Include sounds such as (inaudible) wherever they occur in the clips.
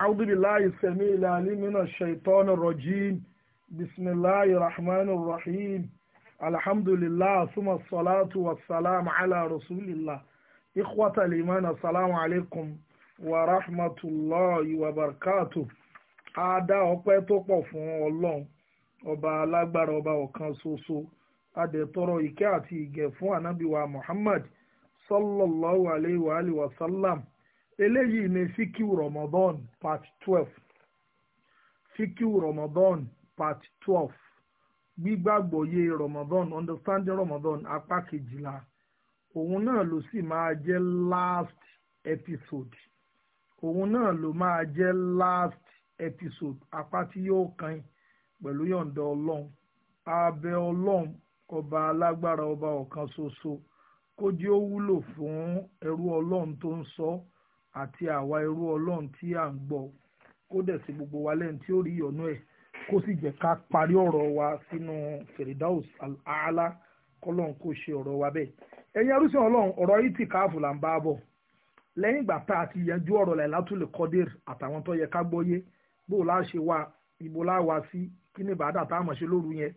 أعوذ بالله السميع العليم من الشيطان الرجيم بسم الله الرحمن الرحيم الحمد لله ثم الصلاة والسلام على رسول الله إخوة الإيمان السلام عليكم ورحمة الله وبركاته ada ọpẹ́ tó pọ̀ fún Ọlọ́run ọba alágbára ọba ọ̀kan ṣoṣo adẹtọrọ ìkẹ́ àti ìgẹ̀ fún anabiwa Muhammad sallallahu alayhi wa sallam eléyìí ni fíkìú Ramadan part twelve fíkìú Ramadan part twelve gbígbàgbọ́yé Ramadan understanding Ramadan apá kejìlá òun náà ló sì máa jẹ́ last episode òun náà ló máa jẹ́ last episode apá tí yóò kan pẹ̀lú yọ̀ǹda ọlọ́run abẹ ọlọ́run ọba alágbára ọba ọ̀kan ṣoṣo kó jẹ́ ó wúlò fún ẹrú ọlọ́run tó ń sọ ọ́ àti àwa irú ọlọ́run tí à ń gbọ́ kó dẹ̀ sí gbogbo wa lẹ́yìn tí ó rí ìyọ́nú ẹ̀ kó sì jẹ́ ká parí ọ̀rọ̀ wa sínú fèrèdáùs àlá kọ́lọ́n kó ṣe ọ̀rọ̀ wa bẹ́ẹ̀ ẹ̀yin arúsẹ̀ ọlọ́run ọ̀rọ̀ yìí ti káàfù là ń bá bọ̀ lẹ́yìn ìgbà tá a ti yanjú ọ̀rọ̀ láì látúlẹ̀ kọ́dẹ̀r àtàwọn tó yẹ ká gbọ́yé bó o láṣẹ wa ibo láwa sí kí ni bàdà tá a mọ̀ ṣe lóru yẹn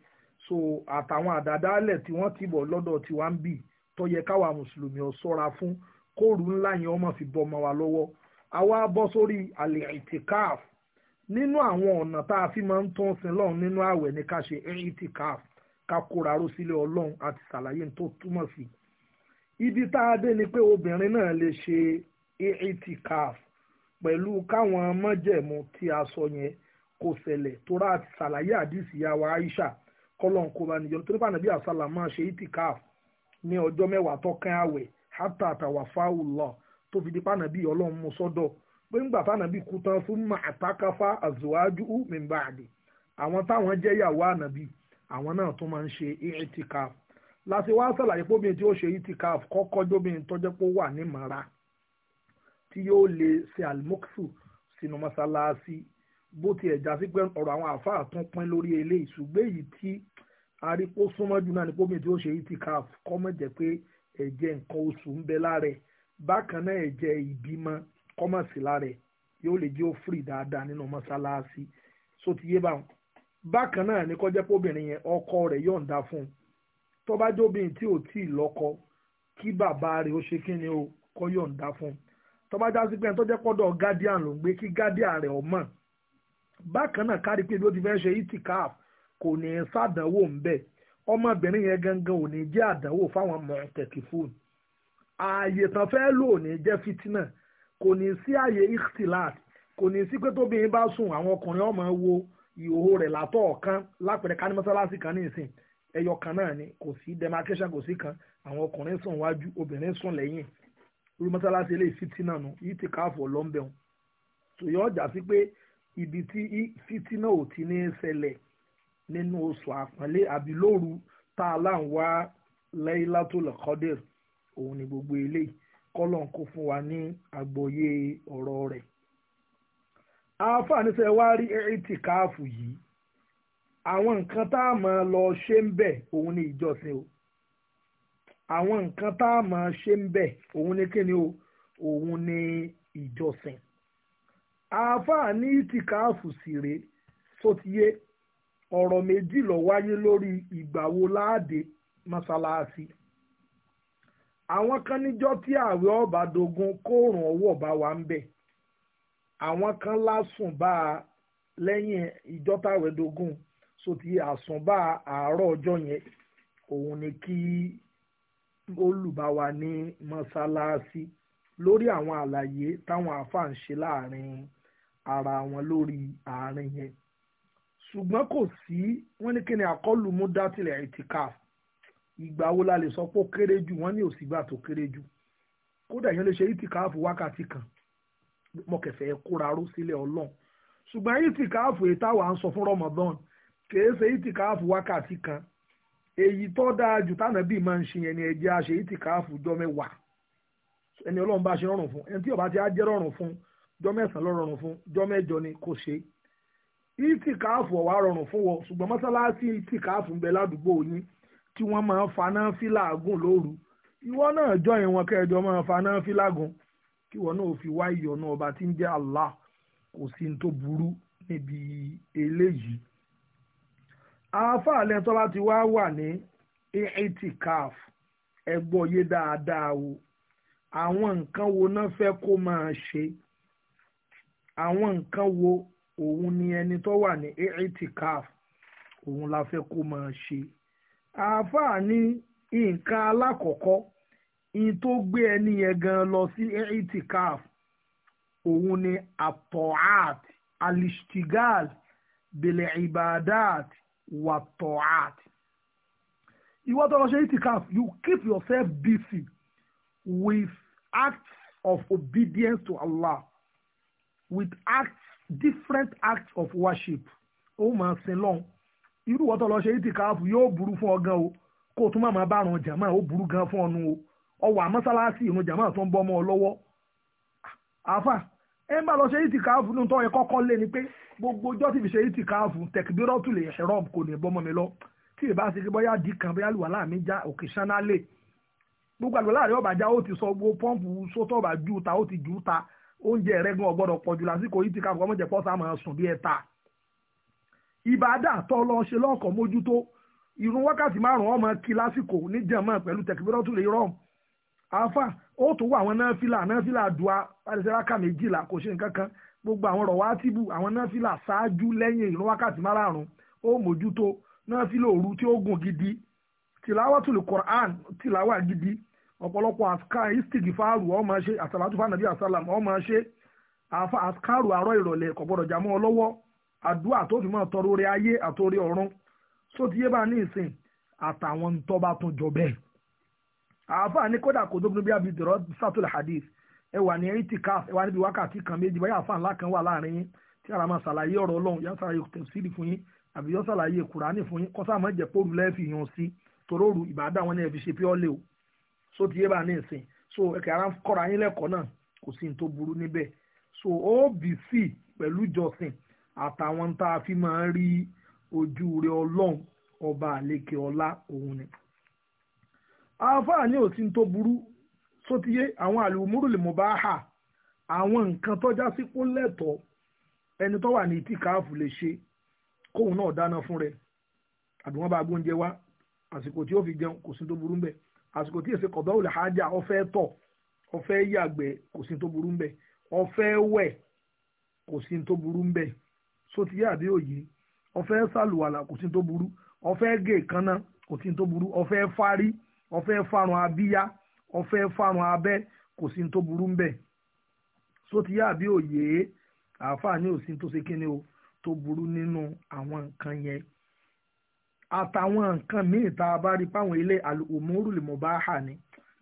so àtàwọn àdàdálẹ̀ tí wọ́n ti bọ̀ lọ́dọ̀ tiwa ń bì tó yẹ káwa mùsùlùmí ó ṣọ́ra fún kóòrù ńlá yẹn ọmọ fi bọ ọmọ wa lọ́wọ́ àwa bọ́ sórí àlè ìtìkáf nínú àwọn ọ̀nà tá a fi máa ń tán sin nínú ààwẹ̀ ní ká ṣe ìtìkáf ká kóra ró sílé ọlọ́run àti tó ibi tá a dé ni pé obìnrin náà lè ṣe ìtìkáf pẹ̀lú káwọn mọ́jẹ̀mú tí yẹn kò ṣẹlẹ̀ àti Aisha àṣàlà máa ṣe ìtìkáf hata atawafa ụlọ tovidikpa na bi ọlọmụ sọdọ pe ngba ta na bi fun ma atakafa azuwaju u memba adi awon ta won je yawo anabi awon naa to ma n se itikaf lati wa sala ipo bi ti o se itikaf koko jo bi to je po wa ni mara ti yo le se almuksu sinu masalasi bo ti e si pe oro awon afa tun pin lori eleyi sugbe yi ti ari po sumo ju na o se itikaf ko ma je pe ẹjẹ nǹkan oṣù ń bẹ lára bákan náà ẹ̀jẹ̀ ìbímọ kọ́mọ̀sí lára yóò lè jẹ́ ó dáadáa nínú so ti yé báwọn bákan náà ní kọjá ọkọ rẹ̀ yọ̀ǹda fún un tó tí ò tí lọkọ kí bàbá ó ṣe ni o kọ yọ̀ǹda fún un tó pọ́dọ̀ guardian ló ń guardian rẹ ọmọ bákan náà kárí pé bí ó ti fẹ́ ṣe itikaf kò ní ọmọbìnrin yẹn gangan ò ní jẹ́ àdánwò fáwọn mọ̀ọ́tẹ̀kì fóònù ààyè tán fẹ́ lò ní jẹ́ fitinà kò ní sí ààyè ikhtilat kò ní sí pé tóbìnrin bá sùn àwọn ọkùnrin ọmọ wo ìhòòhò rẹ̀ látọ̀ ọ̀kan lápẹ̀rẹ̀ ká ní mọ́sálásí kan ní ẹyọ kan náà ni kò sí demarcation kò sí kan àwọn ọkùnrin sùn wájú obìnrin sùn lẹ́yìn irú mọ́sálásí eléyìí fitinà nu yìí ti káàfọ̀ lọ́ńbẹ̀hún tòyọ́ ọjà sí pé ibi tí fitinà ò ti ní í ṣẹlẹ̀ nínú oṣù àpọ́nlé àbí lóru tá a láǹ wá Laylatul Qadr òun ni gbogbo eléyìí kọ́lọ́n kó fún wa ní àgbọ́yé ọ̀rọ̀ rẹ̀. àǹfààní ṣe wá rí ìtìkáàfù yìí àwọn nǹkan tá a máa lọ ṣe ń bẹ̀ òun ni ìjọsìn o àwọn nǹkan tá a máa ṣe ń bẹ̀ òun ni kíni o òun ni ìjọsìn àǹfààní ìtìkáàfù sì rèé sótìyé. So ọ̀rọ̀ méjì ló wáyé lórí ìgbàwo láàdé mọ́ṣáláàsì àwọn kan níjọ́ tí ààwẹ̀ ọba dogun kóòrùn ọwọ́ bá wa ń bẹ̀ àwọn kan lásùn bá a lẹ́yìn ìjọ́ táwẹ̀ dogun so ti àsùn bá a àárọ̀ ọjọ́ yẹn òun ni kí olùbáwa ní mọ́ṣáláàsì lórí àwọn àlàyé táwọn àáfàá ń ṣe láàrin ara wọn lórí àárín yẹn ṣùgbọ́n kò sí wọ́n ní kí ni àkọlù mú dátìlẹ̀ ìtìkáf ìgbà wo la lè sọ pé ó kéré jù wọ́n ní òsìgbà tó kéré jù kódà èèyàn lè ṣe ìtìkáf wákàtí kan mọ̀kẹ̀fẹ́ kóra ró sílẹ̀ ọlọ́run ṣùgbọ́n ìtìkáf èyí táwa ń sọ fún Ramadan kìí ṣe ìtìkáf wákàtí kan èyí tó dáa jù tánàbí máa ń ṣe yẹn ni ẹjẹ́ àṣẹ ìtìkáf jọ mẹ́wàá ẹni ọlọ́run bá ṣe rọrùn fún ẹni tí ó ìtì káàfù ọ̀wá rọrùn fún wọn ṣùgbọ́n mọ́sálásí ìtì káàfù ń bẹ ládùúgbò yín tí wọ́n máa ń faná fílàgùn lóru ìwọ náà jọ ìwọ̀n kẹjọ máa faná fílàgùn kí wọn náà fi wá ìyọ̀nà ọba tí ń jẹ́ Allah kò sí ní tó burú níbi eléyìí. àáfàá lẹ́tọ́ bá ti wá wà ní ìtì káàfù ẹ yé dáadáa o àwọn nǹkan wo náà fẹ́ kó máa ṣe àwọn nǹkan wo òun ni ẹni tó wà ní itikaf òun la fẹ́ kó máa ṣe àáfàá ní nǹkan alákọ̀ọ́kọ́ in tó gbé ẹni yẹn gan lọ sí itikaf òun ni atoat alishtigal bele ibadat wa toat tó lọ ṣe itikaf you keep yourself busy with acts of obedience to Allah with acts different acts of worship ó máa sin lọ́n irú wọ́tọ̀ lọ́ọ́ ṣe ìtìkáàfù yóò burú fún ọ gan o kó o tún máa bá àrùn jàmáà ó burú gan fún ọnu o ọwọ́ àmọ́sálásí ìrun jàmáà tó ń bọ́ ọmọ ọ lọ́wọ́ àáfà ẹ ń bá lọ ṣe ìtìkáàfù ní tọ́ ẹ kọ́kọ́ lé ni pé gbogbo ọjọ́ tí fi ṣe ìtìkáàfù tẹ̀kíbírọ́tù lè ṣe rọ́ọ̀bù kò lè bọ́mọ mi lọ tí ì bá ṣe bóyá dì kan bóyá lùwà láàmì já òkè ṣáná lè gbogbo àlùwà láàrin ọ̀bàjá ó ti sọ gbogbo pọ́ǹpù sótọ́ ọ̀bà ju ta ó ti ju ta oúnjẹ rẹ gan ọgbọ́dọ̀ pọ̀jù lásìkò yìí ti ká fọwọ́ mọ̀jẹ̀ pọ́sà máa sùn bí ẹ̀ta ìbádà tó lọ ṣe lọ́kọ̀ mójútó ìrun wákàtí márùn-ún ọmọ kí lásìkò níjàmọ́ pẹ̀lú tẹkibirọ́tù lè rọ̀ àáfà ó tó wà àwọn náfìlà náfìlà dùá pàdésẹ́ráka méjìlá kò ṣe nǹkan kan gbogbo àwọn ọ̀rọ̀ wá tìbù àwọn náfìlà ṣáájú lẹ́yìn ìrun wákàtí márùn-ún ó mójútó náfìlà òru tí ó gùn gidi tìláwà tùlù Qur'an tìláwà gidi ọ̀pọ̀lọpọ̀ àṣkárù istig fáàrù ó máa ṣe àsàlátù fànàbí asalam ó máa ṣe àṣkárù àárọ̀ ìrọ̀lẹ́ kò gbọ́dọ̀ jàmọ́ ọlọ́wọ́ àdúrà tó fi máa tọrọ orí ayé àtọrí ọ̀run só ti yé bá ní ìsìn àtàwọn ń bá tún jọ bẹ́ẹ̀. àáfàá ní kódà kò tóbi níbi abidjan sátúlẹ̀ hadith ẹ wà ní itikaf ẹ wà níbi wákàtí kan méjì báyà àáfàá ńlá kan wà láàrin yín tí ara máa ṣàlàyé ọ̀rọ̀ ọlọ́run yóò ṣàlàyé tẹ̀síìlì fún yín àbí yóò ṣàlàyé kùránì fún yín kọ́sà máa lẹ́ẹ̀fì yàn sí toróòrù ìbàdàn wọn ni ẹ fi ṣe pé ọ́ lé o so ti yé bá ní ìsìn so ẹ̀kẹ́ ara ń kọ́ra yín lẹ́kọ̀ọ́ náà kò sí ní tó burú níbẹ̀ so OBC pẹ̀lú ìjọsìn àtàwọn tá a fi máa ń rí ojú rẹ ọlọ́run ọba àlekè ọlá òun ni. àáfàá ní òsín tó burú so ti yé àwọn àlùmúrù lè mọ̀ bá hà àwọn nǹkan tó já sí pólẹ̀tọ̀ ẹni tó wà ní ìtìkáàfù lè ṣe kóun náà dáná fún rẹ̀ àdùnwọ́n bá gbóúnjẹ wá àsìkò tí ó fi jẹun kò sí tó burú mbẹ̀ àsìkò tí èsì kọ̀dọ̀ òlẹ̀ hájà ó fẹ́ tọ̀ ó fẹ́ yàgbẹ́ kò sí tó burú ńbẹ̀ ó fẹ́ wẹ̀ kò sí tó burú ńbẹ̀ sóti yá àbí òye ó fẹ́ sàlùwàlà kò sí tó burú ó fẹ́ gé kanna kò sí tó burú ó fẹ́ fárí ó fẹ́ abíyá ó fẹ́ abẹ́ kò sí tó burú ńbẹ̀ sóti yá òye àáfàá ní òsín tó ṣe kíni o tó burú nínú àwọn nǹkan yẹn àtàwọn nǹkan míì tá a bá rí páwọn ilé al-umurul mubaha ni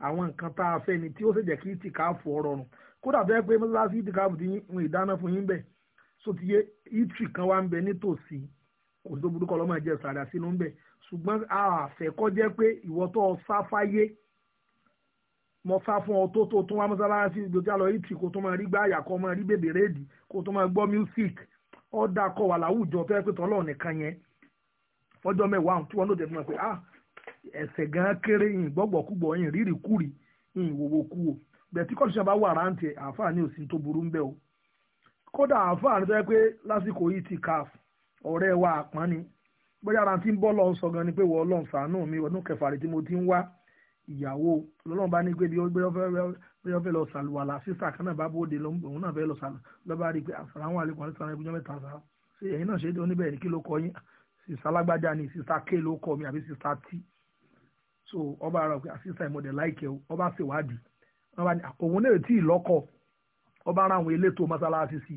àwọn nǹkan tá a fẹ́ ni tí ó sì jẹ́ kí ìtìkáàfù ọ̀rọ̀rùn kódà tó yẹ pé mọ́sálásí ìtìkáàfù ti ń ìdáná fún yín bẹ̀ so ti yé ìtì kan wá ń bẹ nítòsí kò tó burúkọ lọ́mọ ìjẹ sàrà sínú ń bẹ ṣùgbọ́n àfẹ́kọ́ jẹ́ pé ìwọ tó mo sá fún ọ tó tó wá ìtì kó tó máa rí fọ́jọ́ mẹ́wàá tí wọ́n lóde fún wọn pé ah ẹ̀sẹ̀ gan kéré yìn gbọ́gbọ̀kúgbọ̀ yìn rírì kúrì yìn wòwòkúwò bẹ́ẹ̀ tí kọ́ńtíṣàn bá wà rántí àǹfààní òsì tó burú ń bẹ o kódà àǹfààní tó yẹ pé lásìkò yìí ti kaf ọ̀rẹ́ wa àpọ́n ni bóyá ara ti ń bọ́ lọ sọ gan ni pé wọ́n lọ́n sàánú mi ọdún kẹfà rẹ̀ tí mo ti ń wá ìyàwó lọ́lọ́n bá ní pé bí wọ́n fẹ́ lọ sàlùwàlà sísà kan náà bá bóde òun náà fẹ́ lọ sàlùwàlà lọ́ba rí i pé àsàlàwọ̀n àlekún àlekún àlekún jọ́ mẹ́ta sàrà ṣé ẹ̀yin náà ṣe é dé oníbẹ̀rẹ̀ kí ló kọ yín sista alágbájá ni sista k ló kọ mi àbí sista t so ọba ara pé ah, sista ìmọ̀dẹ̀ láìkẹ́ o ọba ṣèwádìí ah, òun náà tí ì lọ́kọ ọba ara àwọn elétò mọ́sálásí sí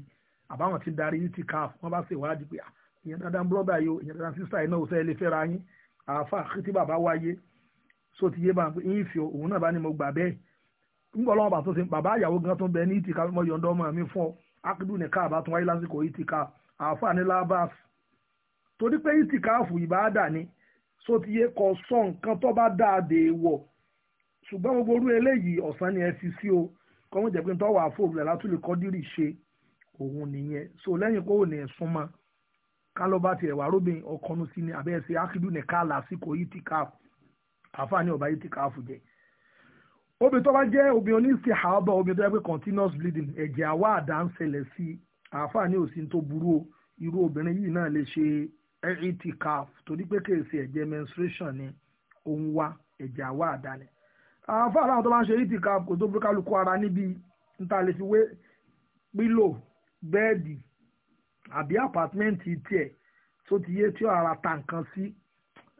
àbáwọn ti darí ní ti káf wọ́n bá ṣèwádìí pé ah, ìyẹn dandan brọ́dà yìí o ìyẹn dandan sista yìí náà ò sẹ́yìn lè fẹ́ra yín àáfà kìtì bàbá wáyé so ti yé bá pé yín fi òun náà bá ní mo gbà bẹ́ẹ̀ ńgbọ́ ọlọ́wọ́n bá tó ṣe bàbá ìyàwó gan tó ń bẹ ní ìtìká mọ́ yọ̀ǹdọ́ ọmọ mi fún ọ ákídùn nìka àbá tó wáyé lásìkò ìtìká àáfà ní lábàs torí pé ìtìkáàfù ìbáàdà ni so ti yẹ kọ sọ nǹkan tó bá dáa dé wọ̀ ṣùgbọ́n gbogbo orú eléyìí ọ̀sán ni ẹ fi sí o kọ́mọ̀ jẹ́ pé ń tọ́wọ́ àfọ̀gbẹ̀ látúlẹ̀ kọ́dírì ṣe òun nìyẹn so lẹ́yìn pé òun ni ẹ̀sùn mọ́ ká lọ́ba tiẹ̀ wà róbìn ọkọ̀nu sí ni àbẹ́ ẹ̀sẹ̀ ákídù ní ká lásìkò ìtìkáàfù àfààní ọ̀bá ìtìkáàfù jẹ́ obì tó bá jẹ́ obì oníṣì àbá obì tó jẹ́ pé continuous bleeding ẹ̀jẹ̀ àwa àdá ń ṣẹlẹ̀ sí àfààní òsì tó burú irú obìnrin yìí náà lè ṣe itikaf torí pé kèsì ẹ̀jẹ̀ menstruation ni òun wá ẹ̀jẹ̀ àwa àdáni àwọn fún àwọn tó máa ń ṣe itikaf kò tó burúkálukú ara níbi níta lè fi wé pílò bẹ́ẹ̀dì àbí àpàtmẹ́ǹtì tiẹ̀ tó ti yé tí ó ara ta nǹkan sí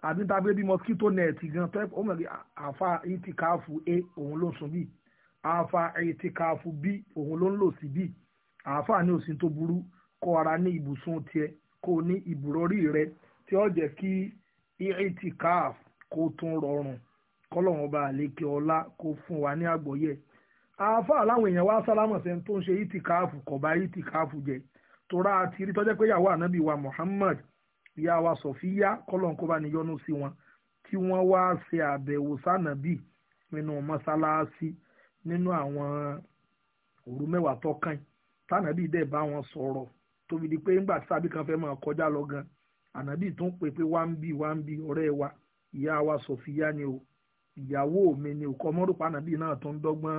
àbí níta bí mosquito net gan tó ó mọ̀ pé àfa itikaf a òun ló sùn bí àfa itikaf b òun ló ń lò sí bí àfa ní òsín tó burú kọ́ ara ní ibùsùn tiẹ̀ kó o ní ìbúrọ̀rí rẹ tí ó jẹ́ kí itikaf kó tún rọrùn kọ́lọ́run bá àlékè ọlá kó fún wa ní àgbọ́yé àáfà làwọn èèyàn wá sálámọ̀ sẹ́ni tó ń ṣe itikaf kò bá itikaf jẹ torá àti rí tọ́jẹ́ pé ìyàwó ànábì wa Muhammad ìyá wa Sọ̀fíyá kọ́lọ́run kó bá ní yọ́nú sí wọn tí wọ́n wá ṣe àbẹ̀wò sànàbì nínú mọ́sálásí nínú àwọn òru mẹ́wàá tọ́kàn tànàbì dẹ̀ bá wọn sọ̀rọ̀ tóbi di pé ńgbà tí sábì kan fẹ́ máa kọjá lọ gan ànábì tún pè pé wá ń bì wá ń bì ọ̀rẹ́ wa ìyá wa sọ̀fìyá ni o ìyàwó mi ni o kọ́mọ́rùpá ànábì náà tó ń dọ́gbọ́n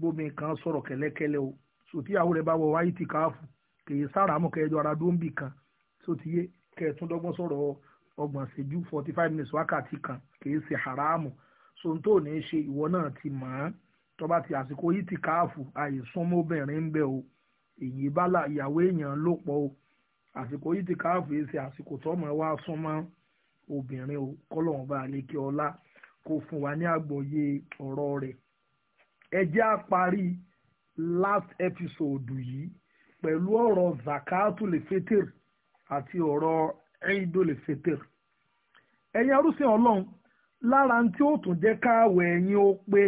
bómi kan sọ̀rọ̀ kẹ́lẹ́kẹ́lẹ́ o sòtíyàwó rẹ̀ bá wọ wáyé ti káàfù kèye sáràmù kẹjọ ara dó ń bì kan sòtíyé kẹtún dọ́gbọ́n sọ̀rọ̀ ọgbọ̀n ṣẹ́jú forty five minutes wákàtí kan kèye ṣe haramu sòǹtò ní í ṣe ìwọ náà ti mọ̀ ọ́n tọ́ba èyí bálà ìyàwó èèyàn ló pọ̀ o àsìkò yìí ti káàfù yìí ṣe àsìkò tọ́mọ wa súnmọ́ obìnrin o kọ́lọ́run bá lékè ọlá kó fún wa ní àgbọ́yé ọ̀rọ̀ rẹ̀ ẹ jẹ́ á last episode yìí pẹ̀lú ọ̀rọ̀ zakatu lè fetir àti ọ̀rọ̀ eido lè fetir ẹ̀yin arúsìn ọlọ́run lára tí ó tún jẹ́ káàwẹ̀ ẹ̀yin ó pé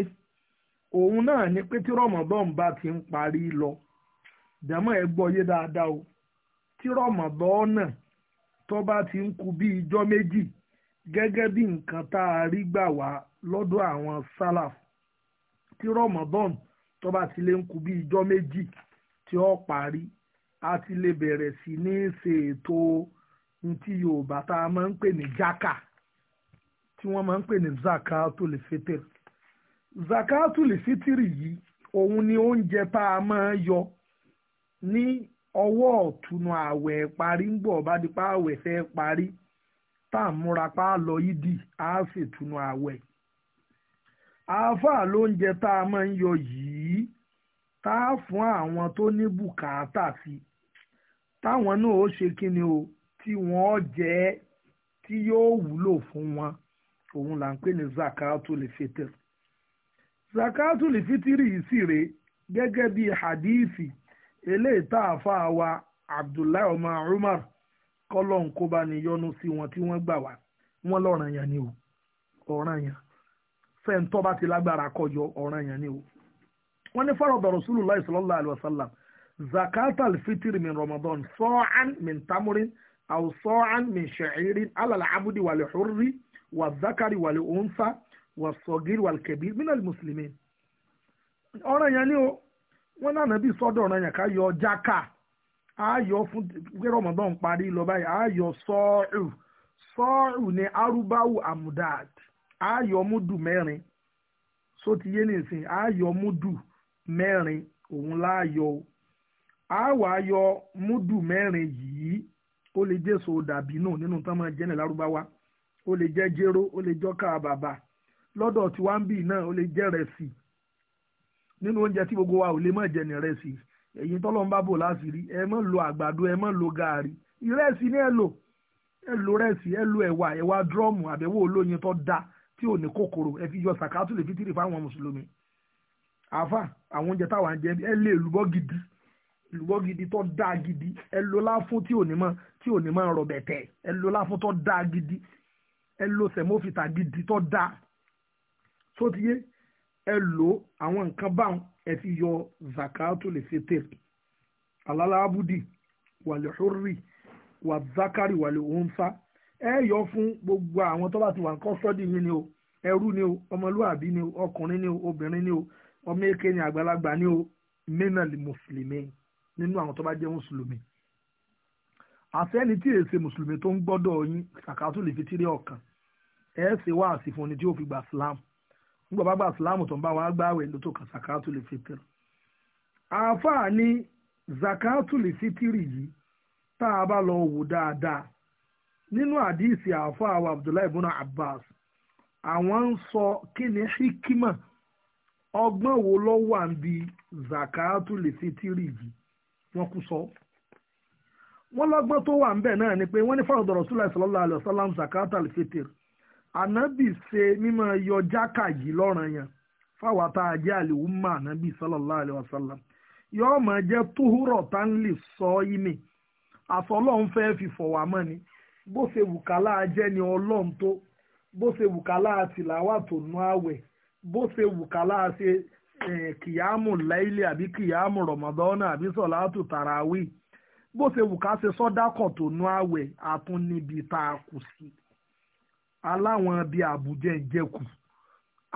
òun náà ni pé tí rọmọdọ́n bá ti ń parí lọ jàmọ́ ẹ gbọ́ yé dáadáa o tí rọ̀mọ̀dọ́nà tó bá ti ń ku bí ijọ́ méjì gẹ́gẹ́ bí nǹkan tá a rí gbà wá lọ́dọ̀ àwọn sálàf tí rọ̀mọ̀dọ́n tó bá ti lè ń ku bí ijọ́ méjì tí ó parí a ti lè bẹ̀rẹ̀ sí ní ṣe ètò ntí Yorùbá tá a máa ń pè ní jákà tí wọ́n máa ń pè ní zakatul fitr zakatul fitr yìí òun ni oúnjẹ tá a máa yọ ní ọwọ́ ọ̀túnú ààwẹ̀ parí ń bọ̀ bá di pa ààwẹ̀ fẹ́ parí tá à ń múra pa á lọ yídì á sì túnú ààwẹ̀. àáfàá lóúnjẹ tá a máa ń yọ yìí tá a fún àwọn tó ní bùkátà sí táwọn náà ó ṣe kí ni o tí wọ́n jẹ́ tí yóò wúlò fún wọn òun là ń pè ní zakatul fitr zakatul fitr yìí sì rèé gẹ́gẹ́ bí hadithi eléyìí tá a fa wa abdullahi ọmọ umar kọlọ́n kó bá ní yọnu sí wọn tí wọ́n gbà wá wọ́n lọ́ràn yẹn ni o ọ̀ràn yẹn fẹ́ǹtọ́ bá ti lágbára kọjọ ọ̀ràn yẹn ni o. wọ́n ní farada rasulullah sallallahu alayhi wa sallam zakat al-fitr min ramadan sa'an min tamurin aw sa'an min sha'irin ala al-abdi wal hurri zakari wal unsa wa sogir wal kabir min muslimin ọ̀ràn yẹn ni o wọn ní ànábì sọ́dọ̀ ọ̀ràn yẹn ká yọ jákà á yọ fún pé rọmọdán parí lọ báyìí ayọ yọ sọ́ọ̀rù sọ́ọ̀rù ní amudad ti yé nìsín òun wà yìí ó lè nínú tán máa ní lárúbáwá ó lè ó lè bàbà bì náà nínú oúnjẹ tí gbogbo wa ò lè mọ̀ jẹ ní rẹ́sì ẹ̀yin tọ́lọ́n bá bò láti rí ẹ mọ̀ lo àgbàdo ẹ mọ̀ lo gàárì ìrẹ́sì ni ẹ lò ẹ lo rẹ́sì ẹ lo ẹ̀wà ẹ̀wà dírọ́ọ̀mù àbẹ̀wò olóyin tó da tí ò ní kòkòrò ẹ fi yọ sàkátù lè fi tìrì fáwọn mùsùlùmí àfà àwọn oúnjẹ táwa ń jẹ ẹ lè lùbọ́ gidi lùbọ́ gidi tó dáa gidi ẹ lo láfún tí ò ní mọ̀ tí ò ní mọ̀ rọ̀bẹ̀tẹ̀ ẹ lo láfún tó dáa gidi ẹ lo sẹ̀mófìtà gidi tó dáa sótìyé ẹ lò àwọn nǹkan báwọn ẹ ti yọ zakato lè fi tè alálàábùdì wàlúhùrì wàzákàrì wàlúhùnfà ẹ yọ fún gbogbo àwọn tó bá ti wà ń kọ́ sọ́dì yín ni o ẹrú ni o ọmọlúwàbí ni o ọkùnrin ni o obìnrin ni o ọmọ èké ni àgbàlagbà ni o mẹ́nàlì mùsùlùmí nínú àwọn tó bá jẹ́ mùsùlùmí àti ẹni tí èsè mùsùlùmí tó ń gbọ́dọ̀ yín sàkátù lè fi tíré ọ̀kan ẹ̀ ṣe wá àsìfún ni tí ó fi gbà sílámù nígbà bàbá ìsìláàmù tó ń bá wa gbáwẹ̀ ló tó kan zakatu lè fitiri àáfàá ní zakatu lè fitiri yìí tá a bá lọ wò dáadáa nínú àdíìsì àáfàá wa Abdullahi buna Abbas àwọn ń sọ kí ni hikima ọgbọ́n wo ló wà níbi zakatu lè fitiri yìí wọ́n kú sọ wọ́n lọ́gbọ́n tó wà ń bẹ̀ náà ni pé wọ́n ní fàrọ̀dọ̀rọ̀ Rasulullah sallallahu alaihi wasallam zakatu lè fitiri anabi se mímọ́ yọ jakaji yìí lọ́ràn yẹn fáwọn tá a jẹ́ àlèwò mọ́ sallallahu alaihi wasallam jẹ́ tá ń lè sọ ìmì àsọlọ́run fẹ́ fi fọ̀wà mọ́ ni bó ṣe wùkálà jẹ́ ni ọlọ́run tó bó ṣe wùkálà tìlàwà tó nú àwẹ̀ bó ṣe ṣe kìyàmù àbí kìyàmù àbí tàràwì bó ṣe ṣe sọ́dákọ̀ tó àwẹ̀ aláwọn bíi àbújẹ́ ìjẹkù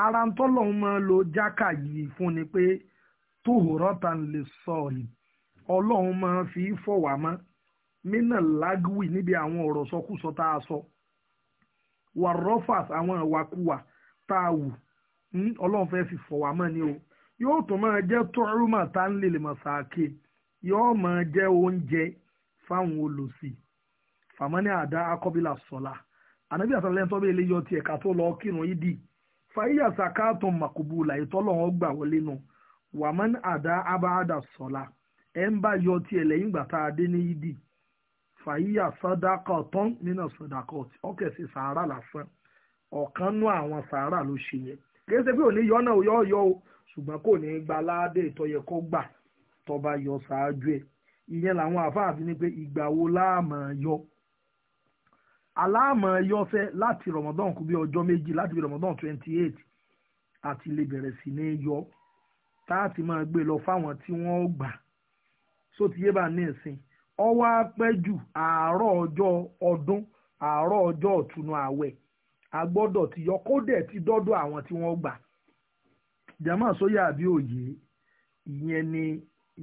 ara ń tọ́lọ̀ lo jaka yìí fún ni pé tóhùrọ́ta lè sọ ọ̀lì ọlọ́run máa fi fọ̀ mọ́ mínà lágùwì níbi àwọn ọ̀rọ̀ sọkúsọ tá sọ wà rọ́fàs àwọn ìwàkuwà tá a wù ọlọ́run fi ni o yóò tún máa jẹ́ tọ́rùmà tá ń lè yóò máa jẹ́ oúnjẹ fáwọn olùsí àdá akọ́bílà ànábì àsàlẹ̀ tó bẹ́ẹ̀ lè yọ tiẹ̀ ká tó lọ kírun yìí dì fàyíyà sàkáàtàn màkùbùlà ìtọ́lọ́wọ́n gbà wọlé nu wàmán àdá abáàdà sọ̀la ẹ̀ ń bá yọ tiẹ̀ lẹ́yìn gbà tá a dé ní yìí dì fàyíyà sọ́dákọ̀ tán nínú sọ́dákọ̀ ọ̀kẹ́ sí sàárà lásán ọ̀kan nú àwọn sàárà ló ṣe yẹn kìí ṣe pé òní yọ náà yọ yọ o ṣùgbọ́n kò ní gba aládé ìtọ́yẹ aláàmọ̀ yọfẹ́ láti Ramadan kú bí ọjọ́ méjì láti bí Ramadan twenty eight àti lè bẹ̀rẹ̀ sí ní yọ tá a ti máa gbé lọ fáwọn tí wọ́n gbà só ti yé bá ní ìsìn ọwọ́ apẹ́jù àárọ̀ ọjọ́ ọdún àárọ̀ ọjọ́ ọ̀túnú àwẹ̀ a gbọ́dọ̀ ti yọ kódẹ̀ ti dọ́dọ̀ àwọn tí wọ́n gbà jama sóyà àbí òye ìyẹn ni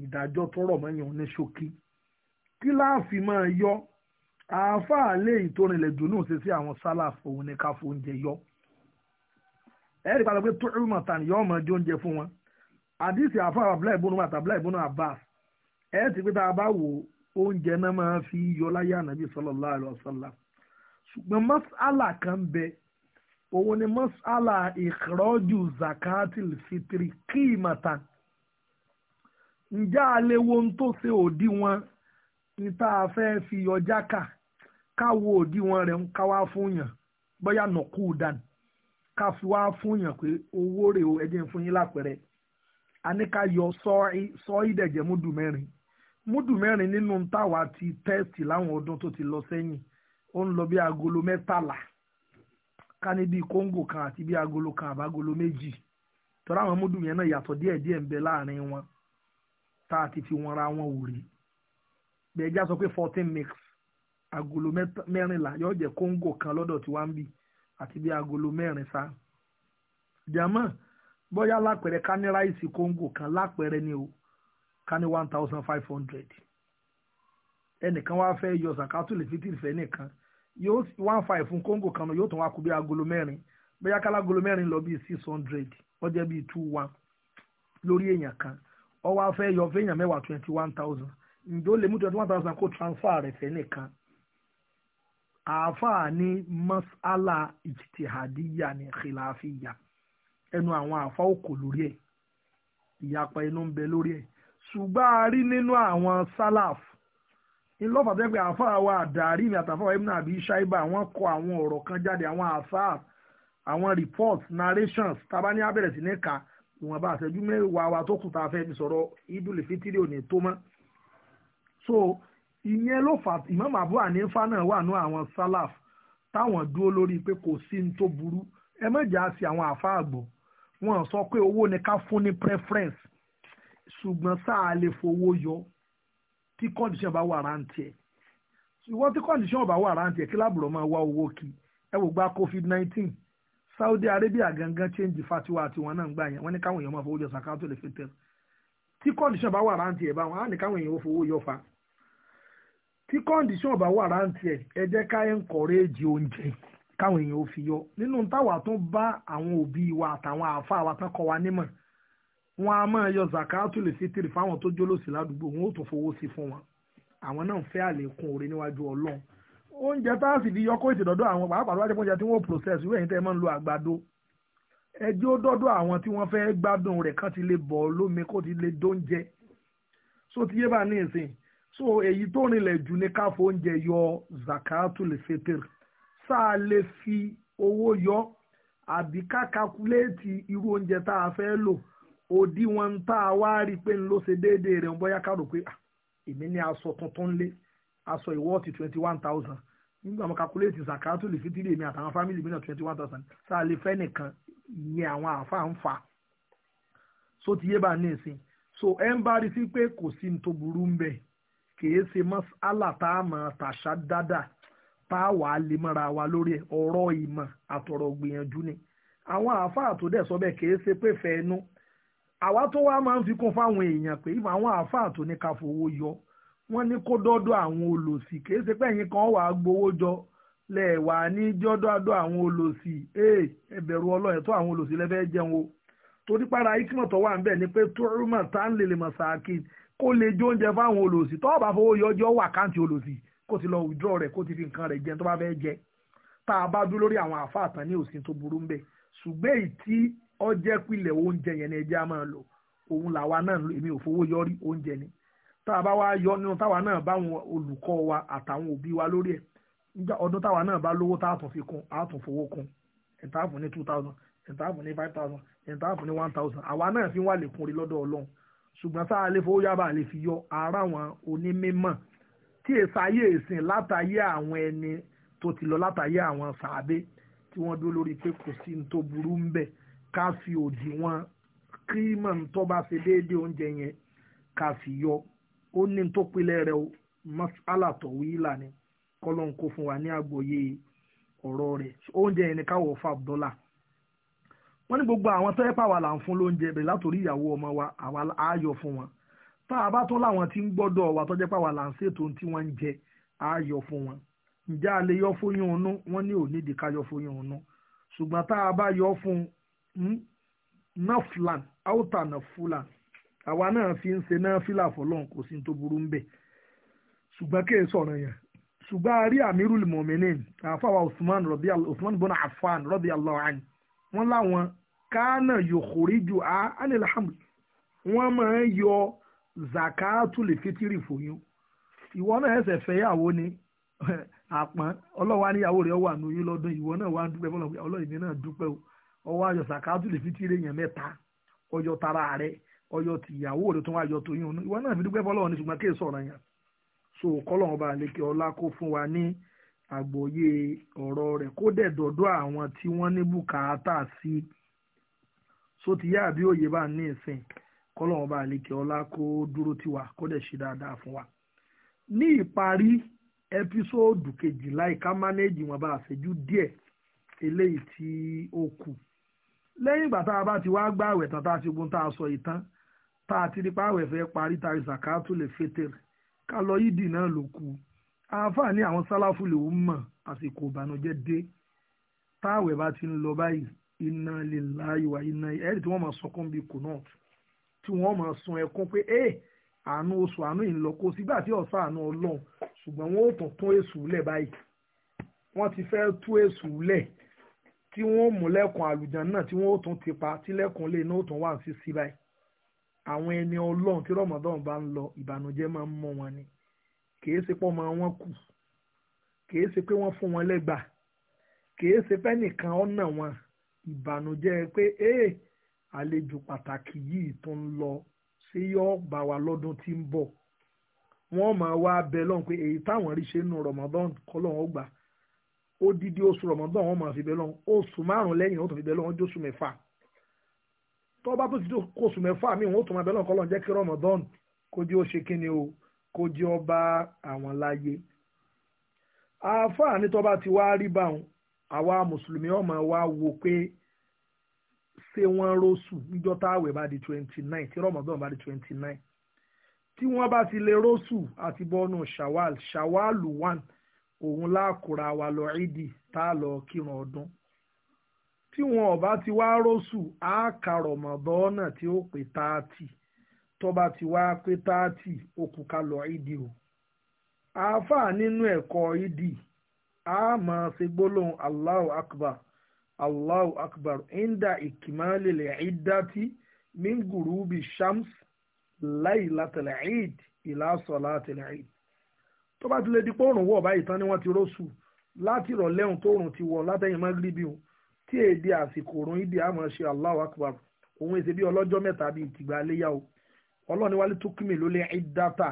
ìdájọ́ tó rọ̀ mọ́yàn ní ṣókí kí láàfin máa yọ àáfàá lè ìtòrinlẹ̀ dùnú ṣe sí àwọn sálàf òun ní ká fún oúnjẹ yọ ẹ̀rí padà pé tó ìrùmọ̀ tàn yọ ọmọ ẹjọ́ oúnjẹ fún wọn àdìsí àáfàá abúlé ìbónú àtàbúlé ìbónú Abbas ẹ̀ ti pé tá a bá wo oúnjẹ náà máa fi yọ láyé ànábì sallallahu alaihi wasallam ṣùgbọ́n mas'ala kan bẹ òun ni mas'ala ìkọ́jú zakatil fitri kí ìmọ̀ta ǹjẹ́ àlewo ń tó ṣe òdiwọ̀n ní tá a fẹ́ fi yọ jákà káwo òdiwọ̀n rẹ̀ ń ká wá fún yàn bóyá nọ̀kú dan ká fi wá fún yàn pé owó rẹ̀ o ẹ jẹ́ fún yín lápẹẹrẹ a ní ká yọ sọ́ọ́í dẹ̀jẹ̀ múdù mẹ́rin múdù mẹ́rin nínú táwa ti tẹ́ẹ̀tì láwọn ọdún tó ti lọ sẹ́yìn ó ń lọ bí agolo mẹ́tàlá ká ní bíi kóńgò kan àti bíi agolo kan àbágolo méjì tọ́ra àwọn múdù yẹn náà yàtọ̀ díẹ̀ díẹ̀ ń bẹ láàrin wọn tá a ti fi wọn ra wọn wò rí bẹ́ẹ̀ já sọ pé fourteen mix agolo mẹ́rìnlá yóò jẹ́ kóńgò kan lọ́dọ̀ tí wọ́n ń àti bí agolo mẹ́rin sa. jàmọ́ bóyá lápẹ̀rẹ̀ ká ní ráìsì kóńgò kan lápẹ̀rẹ̀ ni o ká one thousand five hundred ẹnìkan wá fẹ́ yọ sàkátù lè fi tìrìfẹ́ nìkan yóò one five fún kóńgò kan náà yóò tún wá kú bí agolo mẹ́rin bóyá ká lágolo mẹ́rin lọ bíi six hundred wọ́n bíi two one lórí èèyàn kan ó wá fẹ́ yọ fẹ́yàn mẹ́wàá twenty one thousand ǹjẹ́ ó twenty one thousand kó transfer rẹ̀ fẹ́ nìkan àáfàá ní masala ìjìtìhàdíyà ní khilafiyya ẹnu àwọn àáfàá òkò lórí ẹ̀ ìyapa inú ń bẹ lórí ẹ̀ ṣùgbọ́n a rí nínú àwọn salaf ńlọ́fàtẹ́ pé àáfàá wa àdàrí mi àtàfàá ibn abi shaiba àwọn kọ àwọn ọ̀rọ̀ kan jáde àwọn àṣàf àwọn reports narrations tabani ní abẹ̀rẹ̀ sí ní ka ìwọ̀n bá àṣẹjú mẹ́wàá wa tó kù tá fẹ́ mi sọ̀rọ̀ idul fitiri ò ní tó mọ́ so ìyẹn ló fà Imam Abu Hanifa náà wà ní àwọn salaf táwọn dúró lórí pé kò sí ní tó burú ẹ mọ̀jà sí àwọn àfa wọn sọ pé owó ni ká fún ní preference ṣùgbọ́n sáà lè fowó yọ tí condition bá wà rántí ẹ̀ ṣùgbọ́n tí condition bá wà rántí ẹ̀ kí lábùrọ̀ máa wá owó kí ẹ wò gba covid nineteen Saudi Arabia gangan change fatiwa àti wọn náà ń gbà yẹn wọn ní káwọn èèyàn máa fowó yọ sàkáàtò lè fi tẹ tí condition bá wà rántí ẹ̀ bá wọn á ní káwọn èèyàn fowó yọ fa tí kọ́ndíṣọ̀n bá wà rántí ẹ̀ ẹ jẹ́ ká encourage oúnjẹ káwọn èèyàn ò fi yọ nínú táwa tó bá àwọn òbí wa àtàwọn àáfàá wa tán kọ́ wa nímọ̀ wọn a máa yọ zakaatu lè fi tiri fáwọn tó jólósì ládùúgbò wọn ò tó fowó sí fún wọn àwọn náà ń fẹ́ àlékún oore níwájú ọlọ́run oúnjẹ tá a sì fi yọ kó èsì dọ́dọ̀ àwọn pàápàá lọ́wọ́ oúnjẹ tí wọ́n process wíwẹ̀ yín tẹ́ máa ń lo àgbàdo ẹjẹ́ dọ́dọ̀ àwọn tí wọ́n fẹ́ gbádùn rẹ̀ kán ti lè bọ̀ lómi kó ti lè dóúnjẹ só ti yé bá ní ìsìn so èyí tó rinlẹ̀ jù ní ká fóúnjẹ yọ zakatul fitr sáà lè fi owó yọ àbí ká kakuléètì irú oúnjẹ tá a fẹ́ lò òdiwọ̀n tá a wá rí i pé ń ṣe déédéé rẹ̀ ń bọ́yá ká rò pé èmi ní aṣọ tuntun lé aṣọ ìwọ́ọ̀tì twenty one thousand nígbà mo kakuléètì zakato lè fi tí èmi àtàwọn fámìlì mi náà twenty one thousand sáà lè fẹ́ nìkan ìyẹn àwọn àáfàá ń fa so ti yé bá ní ìsìn so ẹ ń bá rí sí pé kò sí ní kìí ṣe mọ́sálà tá a mọ̀ tàṣà dáadáa tá a wà á lè mọ́ra wa lórí ọ̀rọ̀ ìmọ̀ àtọ̀rọ̀ gbìyànjú ni àwọn àáfàá tó dẹ̀ sọ bẹ́ẹ̀ kìí ṣe pé fẹ́ inú àwa tó wá máa ń fi kún fáwọn èèyàn pé àwọn àáfàá tó ní ká fowó yọ wọ́n ní kó dọ́dọ̀ àwọn olòṣì kìí ṣe pé ẹ̀yin kan wà á gbowó jọ lẹ́ẹ̀wà ní jọ́dọ̀dọ̀ àwọn olòṣì ẹ bẹ̀rù tó àwọn kó lè jó oúnjẹ fáwọn olòṣì tó bá fowó yọjọ́ wà káǹtì olòṣì kó ti lọ withdraw rẹ̀ kó ti fi nǹkan rẹ̀ jẹ tó bá fẹ́ jẹ tá a bá dúró lórí àwọn àáfàá ní òsín tó burú ń bẹ̀ ṣùgbọ́n èyí tí ọ pilẹ̀ oúnjẹ yẹn ni ẹja máa lò òun làwa náà èmi ò fowó yọrí oúnjẹ ni tá a bá wá yọ nínú táwa náà báwọn olùkọ́ wa àtàwọn òbí wa lórí ẹ̀ ọdún táwa náà bá lówó tá a tún fi kún a tún fowó kún ẹ̀ńtà fún ní two thousand ẹ̀ńtà fún ní five thousand ẹ̀ńtà fún ní one thousand àwa náà fi wà lè kún rí lọ́dọ̀ ọlọ́run ṣùgbọ́n sáà lè fowó yábà lè fi yọ ara wọn onímọ̀ tí èsàyè ìsìn látàyé àwọn ẹni tó ti lọ látàyé àwọn sàábé tí wọ́n dúró lórí pé kò sí ní tó burú ń bẹ̀ ká fi òdiwọ̀n kírímọ̀ ń tó bá ṣe déédéé oúnjẹ yẹn ká fi yọ ó ní tó pilẹ̀ rẹ̀ o masala ni kọ́lọ́n kó fún wa ní àgbọ́yé ọ̀rọ̀ rẹ̀ oúnjẹ yẹn ni káwọ̀ fàbdọ́là wọ́n ní gbogbo àwọn tẹ́pà wà là ń fún lóúnjẹ bẹ̀rẹ̀ látòrí ìyàwó ọmọ wa àwa ààyò fún wọn tá a bá tún láwọn tí ń gbọ́dọ̀ wà tọ́jẹ́ pà wà là ń ṣètò tí wọ́n ń jẹ ààyò fún wọn ǹjẹ́ a lè yọ fóyún ọ̀nù wọ́n ní òní di ká yọ fóyún ọ̀nù ṣùgbọ́n tá a bá yọ fún hmm, naflan outa naflan àwa náà fi ń ṣe náà fìlà fọlọ́n kò sí tó burú ń bẹ̀ ṣùgbọ́n kéè sọ̀rọ̀ yẹn ṣùgbọ́n a rí amirul mọ̀mìnín àfàwà usman rọ̀bí usman bọ́nà afan rọ̀bí allah anhu wọ́n láwọn kánà yòkòrí ju a anilhamd wọ́n máa ń yọ zakatu lè fitiri fòyún ìwọ náà ẹsẹ̀ fẹ́yàwó ni (laughs) àpọ́n ọlọ́wà níyàwó rẹ̀ wà ní oyún lọ́dún ìwọ náà wà ń dúpẹ́ fọlọ́ ọlọ́yìn mi náà dúpẹ́ o ọwọ́ ayọ̀ zakatu lè fitiri èèyàn mẹ́ta ọyọ tara rẹ̀ ọyọ tìyàwó rẹ̀ tó wá yọ tóyún ìwọ náà fi dúpẹ́ fọlọ́ ni ṣùgbọ́n kéè sọ̀rọ̀ yẹn so kọ́lọ́run bá lè kí ọlá àgbọ́yé ọ̀rọ̀ rẹ̀ kó dẹ̀ dọ̀dọ̀ àwọn tí wọ́n ní bùkátà sí so ti yá àbí òye bá ní ìsìn kọ́lọ́wọ́n bá lè kí ọlá kó dúró tiwa kó dẹ̀ ṣe dáadáa fún wa. ní ìparí ẹpísòòdù kejìlá ìka mánéèjì wọn bá àṣejú díẹ̀ eléyìí tí ó kù lẹ́yìn ìgbà tá a bá ti wá gbà àwẹ̀ tán tá a ti gun tá a sọ ìtàn tá a ti rí pa fẹ́ parí tari sàkáàtú lè fètèrè ká lọ yídì náà ló kù àáfàá ní àwọn sáláfù lè mọ̀ àsìkò ìbànújẹ́ dé táwẹ̀ bá ti ń lọ báyìí iná lè láàyò wá iná ẹ̀rí tí wọ́n máa sọkún bíi kùnà tí wọ́n máa sun ẹkún pé ẹ̀ eh, àánú oṣù àánú ìlọ kò sígbà tí ọ̀sán àánú ọlọ́run ṣùgbọ́n wọ́n ò tàn tún èṣù lẹ̀ báyìí wọ́n ti fẹ́ tú èṣù lẹ̀ tí wọ́n mú lẹ́kùn àlùjàn náà tí wọ́n ò tún ti tí lẹ́kùn lè náà ò tún wà sí sí báyìí àwọn ẹni ọlọ́run tí rọ̀mọ́dọ́n bá ń lọ ìbànújẹ́ máa ń mọ́ wọn ni kìí ṣe pé ọmọ wọn kù kìí ṣe pé wọ́n fún wọn lẹ́gbàá kìí ṣe pé nìkan ọ̀nà wọn ìbànújẹ́ pé ee àlejò pàtàkì yìí tó ń lọ ṣé yóò bá wa lọ́dún tí ń bọ̀ wọ́n máa wá bẹ lọ́n pé èyí táwọn rí ṣe nù Ramadan kọ́lọ́n ọgbà odidi oṣù Ramadan wọ́n máa fi bẹ lọ́n oṣù márùn-ún lẹ́yìn wọ́n tó fi bẹ lọ́n ọjọ́ oṣù mẹ́fà tọ́ba tó ti tó oṣù mẹ́fà míì wọ́n tó máa bẹ lọ́n kọ́lọ́n jẹ́ kí Ramadan kó jẹ́ ó ṣe kíni o kó jẹ́ ọba àwọn láyé àáfàá ní tó bá ti wá rí báwọn àwa mùsùlùmí ọmọ wa wo pé ṣé wọ́n rósù níjọ́ táwẹ̀ bá di twenty nine tí rọmọdún bá di twenty nine tí wọ́n bá ti lè rósù àti bọ́ọ̀nù shawal shawalu one òun láàkúra wa lọ ìdí tá a lọ kírun ọdún tí wọn ò bá ti wá rósù á tí ó pé táàtì tó bá ti wá pé táàtì òkú ká lọ ìdí o àáfàá nínú ẹ̀kọ́ ìdí a máa ṣe gbólóhùn Allahu akbar Allahu akbar inda ikmalil iddati min gurubi shams laylatil eid ila salatil eid tó bá ti lè di pé òrùn wọ̀ báyìí tán ni wọ́n ti rọ́ṣù láti ìrọ̀lẹ́ òun tó òrùn ti wọ̀ látẹ̀yìn magribi òun tí èdè àsìkò òrùn ìdí àmọ́ ṣe Allahu akbar òun èsè bí ọlọ́jọ́ mẹ́ta bíi ìtìgbà léyà ọlọ́run ní wálé tó kí mi ló lé ìdáta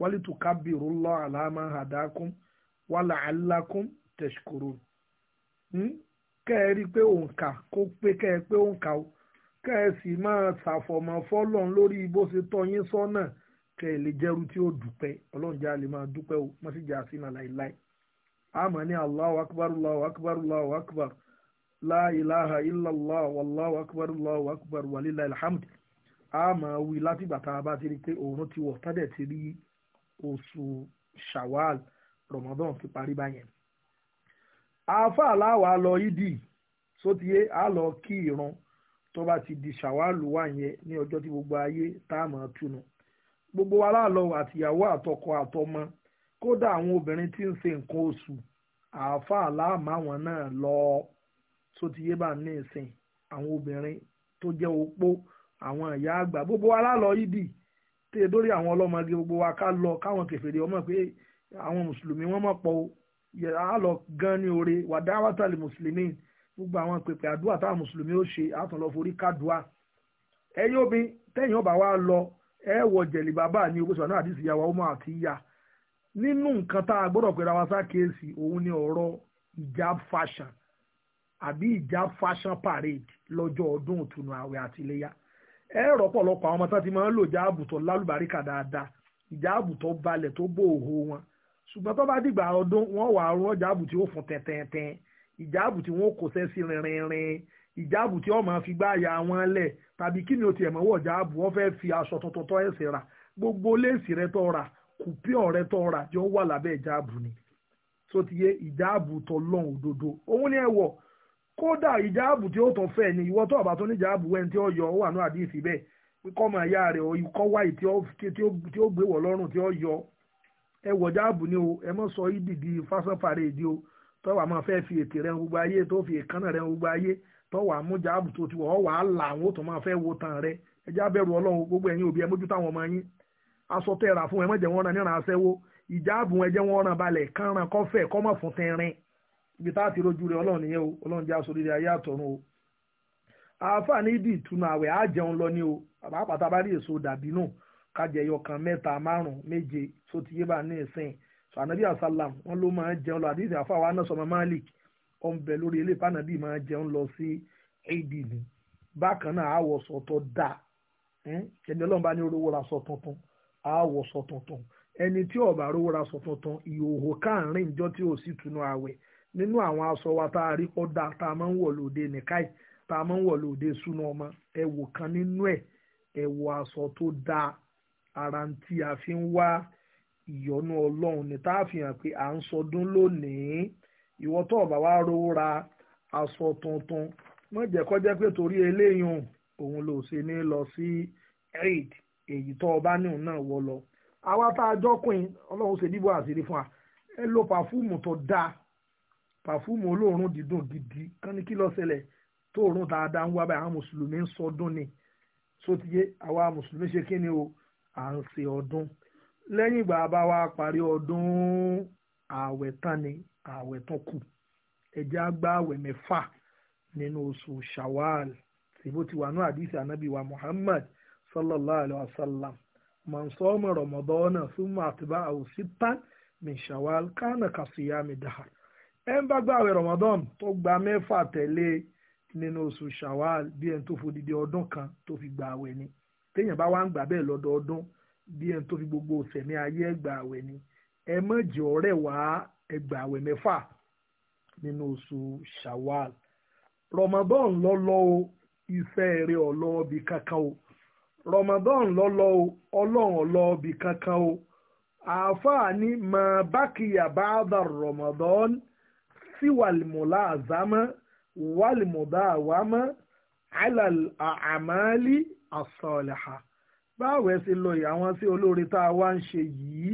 wálé tó kábìrú lọ àlámà àdákùn wálà alákùn tẹ̀síkòrò kẹ́ ẹ rí i pé òǹkà kó pé kẹ́ ẹ pé òǹkà o kẹ́ ẹ sì máa ṣàfọ̀mọ́ fọ́lọ́n lórí bó ṣe tọ́ yín sọ́nà kẹ́ ẹ lè jẹ́rú tí ó dúpẹ́ ọlọ́run já lè máa dúpẹ́ o mọ́ sí jà sínú láìláì àmọ́ ní Allahu akbar Allahu akbar Allahu akbar la ilaha illallah wallahu alhamdulilayi a máa wí látìgbà tá a bá ti rí pé òòrùn ti wọ̀ tádẹ̀ ti rí oṣù shawal ramadan ti parí báyẹn àáfà aláwa lọ yídì sótìyé a lọ kí ìran tó bá ti di shawal wà yẹn ní ọjọ́ tí gbogbo ayé tá a máa túnu gbogbo wa láàlọ àtìyàwó àtọkọ àtọmọ kódà àwọn obìnrin tí ń ṣe nǹkan oṣù àáfà aláàmà wọn náà lọ sótìyé bá ní ìsìn àwọn obìnrin tó jẹ́ opó àwọn ìyá àgbà gbogbo wa lálọ ìdì tí e dórí àwọn ọlọ́mọge gbogbo wa ká lọ káwọn kèfèrí ọmọ pé àwọn mùsùlùmí wọ́n mọ̀ pọ̀ o yẹ̀rọ á lọ gan ní oore wàdá wátàlì mùsùlùmí gbogbo àwọn pèpè àdúrà táwọn mùsùlùmí ó ṣe àtúnlọ forí kádùá ẹ̀yin obìnrin tẹ̀yin ọba wa lọ ẹ wọ jẹ̀lì bàbá ní owó sọ̀nà àdìsí ìyàwó ọmọ àti ìyá nínú nǹkan tá a gbọ́dọ̀ pera wa sákèésì òun ni ọ̀rọ̀ ìjáb fashion àbí ìjáb fashion parade lọ́jọ́ ọdún òtún àwẹ̀ àtìlẹ́yà ẹ̀rọ pọ̀lọpọ̀ àwọn ọmọ tán ti máa ń lò jáàbù tó lálùbáríkà dáadáa ìjáàbù tó balẹ̀ tó bò òhò wọn ṣùgbọ́n tó bá dìgbà ọdún wọ́n wà rún ọjàbù tí ó fún tẹ̀tẹ̀tẹ̀ ìjáàbù tí wọ́n kò sẹ́sí rinrinrin ìjáàbù tí wọ́n máa fi gbá àyà wọn lẹ̀ tàbí kí ni o tiẹ̀ mọ́wọ́ ìjáàbù wọ́n fẹ́ẹ́ fi aṣọ tuntun tó ẹ̀sìn rà gbogbo léèsì rẹ tó rà kùpí kódà ìjáàbù tí ó tún fẹ́ ni ìwọ tó ọ̀bà tó ní ìjáàbù wẹ́n tí ó yọ ó wà ní àdìsí bẹ́ẹ̀ kọ́ máa yá rẹ̀ ikọ́ wáyé tí ó gbé wọ̀ lọ́rùn tí ó yọ ẹ wọ̀ jáàbù ni o ẹ mọ̀ sọ ìdìdì fásánfàrẹ́ èdè o tọ́wọ́ àmọ́ fẹ́ fi ètè rẹ̀ gbogbo ayé tó fi èkánná rẹ̀ gbogbo ayé tọ́wọ́ àmú jáàbù tó ti wọ̀ ọ́ wàá là àwọn tó máa fẹ́ wo tàn rẹ̀ ẹ já bẹ̀rù ọlọ́run gbogbo ẹ̀yin òbí ẹ mójú táwọn ọmọ yín aṣọ tẹ́ ra fún ẹ má jẹ́ wọn ràn níran aṣẹ́wó ìjáàbù ẹ jẹ́ wọn ràn balẹ̀ kánran kọ́fẹ̀ kọ́mọ̀ fún tẹrin ibi tá a ti rojú rẹ ọlọ́run nìyẹn o ọlọ́run jẹ́ aṣọ rere ayé àtọ̀run o àǹfààní ìdí ìtúnu àwẹ̀ á jẹun lọ ní o àpáta bá rí èso dàbí nù kájẹyọ kan mẹ́ta márùn méje tó ti yé bá ní ìsìn sọ ànábì àsálàm wọn ló máa ń jẹun lọ àdìsí àfàwọn anásọmọ malik ọ̀nbẹ lórí ilé ìpànàbí máa jẹun lọ sí éèdì ni bákan náà àwọ̀sọ̀ tó dà ẹni ọlọ́run bá ní orówó ra sọ tuntun àwọ̀sọ̀ tuntun ẹni tí ó bá rówó ra sọ tuntun ìhòòhò káàrin ìjọ tí ò sì túnú àwẹ̀ nínú àwọn aṣọ wa tá a rí kọ́ da tá a máa ń wọ̀ lóde nìkáì tá a máa ń wọ̀ lóde súná ọmọ ẹ wò kan nínú ẹ̀ ẹ wọ aṣọ tó dáa ara ń tí a fi ń wá ìyọ́nú ọlọ́run ni tá a fi hàn pé à ń sọdún lónìí ìwọ tó ọ̀bà wa rówó aṣọ tuntun wọ́n jẹ́ kó pé torí eléyìí òun ló ṣe ní lọ sí eid èyí tó ọba níhùn náà wọ lọ àwa tá a jọ́kùn ọlọ́run ṣe díbò àṣírí fún wa ẹ lo pàfúùmù tó dáa pàfúùmù olóòórùn dídùn gidi kán ní kí ló ṣẹlẹ̀ tó òórùn dáadáa ń wá báyìí àwọn mùsùlùmí ń sọdún ni sótìyé àwa mùsùlùmí ṣe kí ni o à ń ṣe ọdún lẹ́yìn ìgbà bá wa parí ọdún ààwẹ̀ tán ni ààwẹ̀ tán kù ẹ̀jẹ̀ á gba ààwẹ̀ mẹ́fà nínú oṣù shawal síbó ti wà ní àdìsí ànábì wa muhammad sallallahu alayhi wa sallam man sọ́mọ̀ rọ̀mọ́dọ́nà súnmọ́ àtibá àwòsítán min shawal kánà kàṣíyá dàhàr ẹ ń bá gbààwẹ̀ Ramadan tó gba mẹ́fà tẹ̀lé nínú oṣù Shawwal bí ẹni tó fòdìdí ọdún kan tó fi gbààwẹ̀ ni téèyàn bá wá ń gbà bẹ́ẹ̀ lọ́dọọdún bí ẹni tó fi gbogbo ìsẹ̀mí ayé gbààwẹ̀ ni ẹ má jẹ́ ọ̀rẹ́ wá ẹ mẹ́fà nínú oṣù Shawwal Ramadan lọ́lọ́ o ìfẹ́ eré ọlọ́ọ̀bì kankan o Ramadan lọ́lọ́ o ọlọ́run ọlọ́ọ̀bì kankan o àáfàá ni mà bákìyà bá dà Ramadan síwàlìmọ̀lá àzámọ́ wàlìmọ̀dá àwámọ́ àmàlí àsọ̀lẹ̀hà báwo ẹ ṣe lọ yìí àwọn sí olóore tá a wá ń ṣe yìí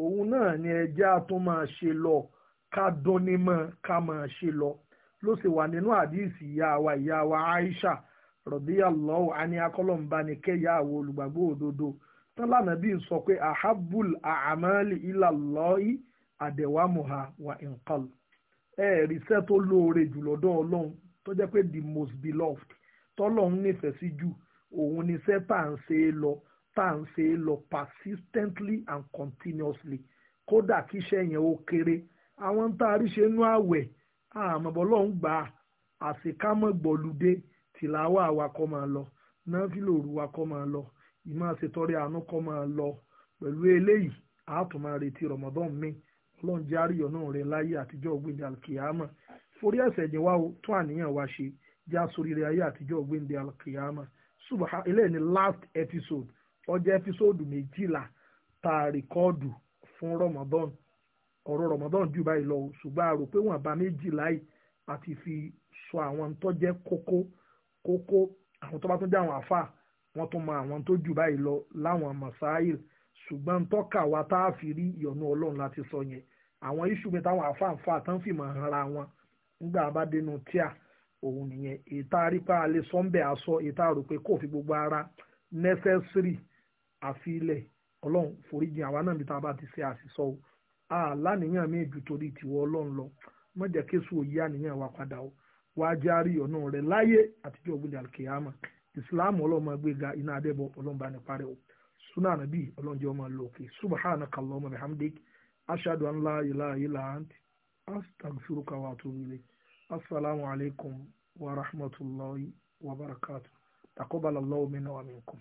òun náà ni ẹjẹ́ a tún máa ṣe lọ ká dúnni mọ́ ká máa ṣe lọ ló sì wà nínú àdíìsì ìyá wa ìyá wa Aisha rọ̀bíyàlọ́wọ́ àní akọ́lọ́mbanìkẹ́ ìyá àwọn olùgbàgbọ́ òdodo tọ́lánà bíi sọ pé ahabul àmàlí ìlàlọ́ọ̀ì àdẹ̀wàmùhà wà nǹkan ẹ̀ẹ́rì iṣẹ́ tó lóore jù lọ́dọ̀ ọlọ́run tó jẹ́ pé the most beloved tọ́lọ́run nífẹ̀ẹ́ sí jù òun ni iṣẹ́ tá à ń ṣe é lọ tá à ń ṣe é lọ persistently and continuously kódà kí iṣẹ́ yẹn ó kéré àwọn tá a rí ṣe nú àwẹ̀ àmọ̀bọ̀ lọ́n gbà á àṣekámọ̀ gbọ̀lùdé tìláwà wa kọ́ máa lọ náfìlòrú wa kọ́ máa lọ ìmọ̀ àṣetọ́rẹ́ àánú kọ́ máa lọ pẹ̀lú eléyìí a tún retí Ramadan míì ọlọ́run jẹ́ àríyọ̀ náà rẹ̀ láyé àtijọ́ ògbéǹde alkiyama forí ẹ̀ṣẹ̀ jìn wá o tún àníyàn wá ṣe jẹ́ àsoríire ayé àtijọ́ ògbéǹde alkiyama subaha ilé ní last episode ọjọ́ episode méjìlá tá a rìkọ́ọ̀dù fún Ramadan ọ̀rọ̀ Ramadan jù báyìí lọ ṣùgbọ́n a rò pé wọ́n bá méjìlá yìí àti fi sọ àwọn tó jẹ́ kókó kókó àwọn tó bá tún jẹ́ àwọn àfà wọ́n tún mọ àwọn tó jù báyìí lọ láwọn masail ṣùgbọ́n tọ́ka wa tá a fi rí ìyọ̀nù ọlọ́run láti sọ yẹn àwọn iṣu mi táwọn àfáàfáà tán fi mọ̀ ara wọn nígbà bá dénú tíà òun nìyẹn ìta alẹ́ aṣọ ìta rò pé gbogbo ara àfilẹ̀ ọlọ́run àwa náà bí a bá ti ṣe àṣìṣọ́ o àlàníyàn mi ìdù torí tiwọ́ ọlọ́run lọ má jẹ́ òye àníyàn wa padà o wàá járí ọ̀nà rẹ̀ láyé àtijọ́ islam ọlọ́run máa gbéga iná adébọ̀ ọlọ́run bá ní parẹ́ o sunan nabi ọlọ́run jẹ́ ashadu an la ilaha illa anti astaghfiruka wa atubu ilayk assalamu alaikum wa rahmatullahi wa barakatuh taqabbalallahu minna wa minkum.